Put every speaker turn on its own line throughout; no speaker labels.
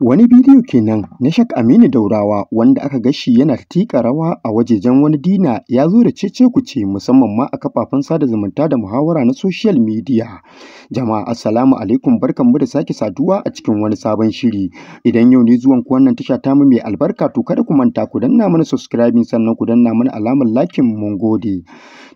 Wani bidiyo kenan na Shak Aminu Daurawa wanda aka ga shi yana tiƙa rawa a wajejen wani dina ya zo da cece ce, musamman ma a kafafen sada zumunta da muhawara na social media. Jama'a assalamu alaikum barkanmu da sake saduwa a cikin wani sabon shiri. Idan yau ne zuwan ku wannan tasha ta mu mai albarka to kada ku manta ku danna mana subscribing sannan ku danna mana alamar lakin mun gode.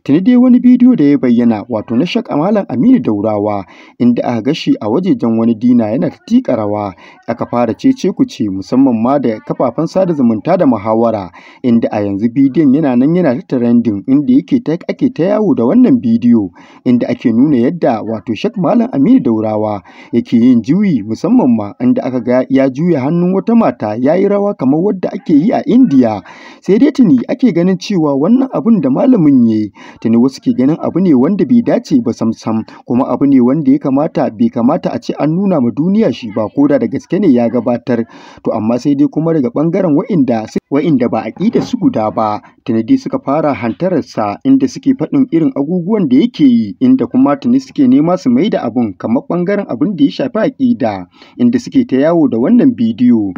tuni dai wani bidiyo da ya bayyana wato na shak malam aminu daurawa inda aka gashi a wajejen wani dina yana ta tika rawa aka fara cece ce, musamman ma da kafafen sada zumunta da muhawara inda a yanzu bidiyon yana nan yana ta trending inda yake ta ake ta yawo da wannan bidiyo inda ake nuna yadda wato shak malam aminu daurawa yake yin juyi musamman ma inda aka ga ya juya hannun wata mata ya yi rawa kamar wadda ake yi a indiya sai dai tuni ake ganin cewa wannan abun da malamin ya yi tuni wasu ke ganin abu ne wanda bai dace ba samsam kuma abu ne wanda ya kamata bai kamata a ce an nuna ma duniya shi ba ko da gaske ne ya gabatar to amma sai dai kuma daga bangaren wa'inda wa'inda ba ƙida su guda ba tuni dai suka fara hantararsa inda suke faɗin irin abubuwan da yake yi inda kuma tuni suke nema su mai da abun kamar bangaren abun da ya shafi aƙida inda suke ta yawo da wannan bidiyo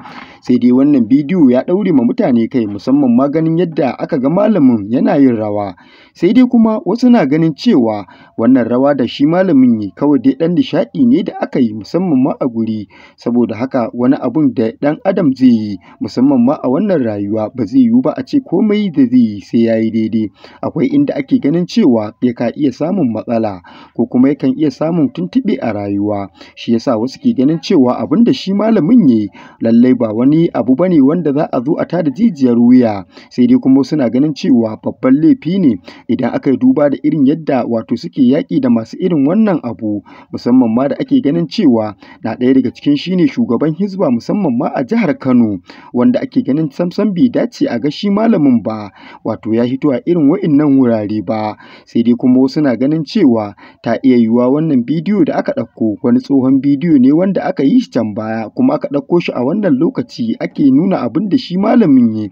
sai dai wannan bidiyo ya ɗaure ma mutane kai musamman ma ganin yadda aka ga malamin yana yin rawa sai dai dai kuma wasu na ganin cewa wannan rawa da shi malamin ne kawai dai ɗan nishaɗi ne da aka yi musamman ma a guri saboda haka wani abun da ɗan adam zai yi musamman ma a wannan rayuwa ba zai yiwu ba a ce komai da zai yi sai ya yi daidai akwai inda ake ganin cewa ya ka iya samun matsala ko kuma yakan iya samun tuntuɓe a rayuwa shi yasa wasu ke ganin cewa abun da shi malamin ne? lallai ba wani abu bane wanda za a zo a tada jijiyar wuya sai dai kuma suna ganin cewa babban laifi ne idan aka yi duba da irin yadda wato suke yaƙi da masu irin wannan abu musamman ma da ake ganin cewa na ɗaya daga cikin shine shugaban hizba musamman ma a jihar kano wanda ake ganin samsam bai dace a ga shi malamin ba wato ya hito a irin wa'innan wurare ba sai dai kuma wasu na ganin cewa ta iya yiwuwa wannan bidiyo da aka ɗauko wani tsohon bidiyo ne wanda aka yi shi can baya kuma aka ɗauko shi a wannan lokaci ake nuna abin da shi malamin ne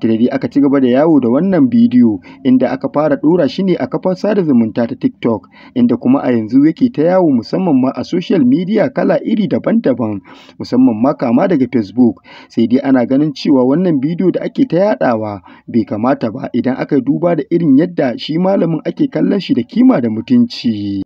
da dai aka ci gaba da yawo da wannan bidiyo inda aka fara ɗora shi ne a kafar sada zumunta ta TikTok, inda kuma a yanzu yake ta yawo musamman ma a social media kala iri daban-daban, musamman ma kama daga Facebook. Sai dai ana ganin cewa wannan bidiyo da ake ta yaɗawa bai kamata ba idan aka duba da irin yadda shi malamin ake kallon shi da kima da mutunci.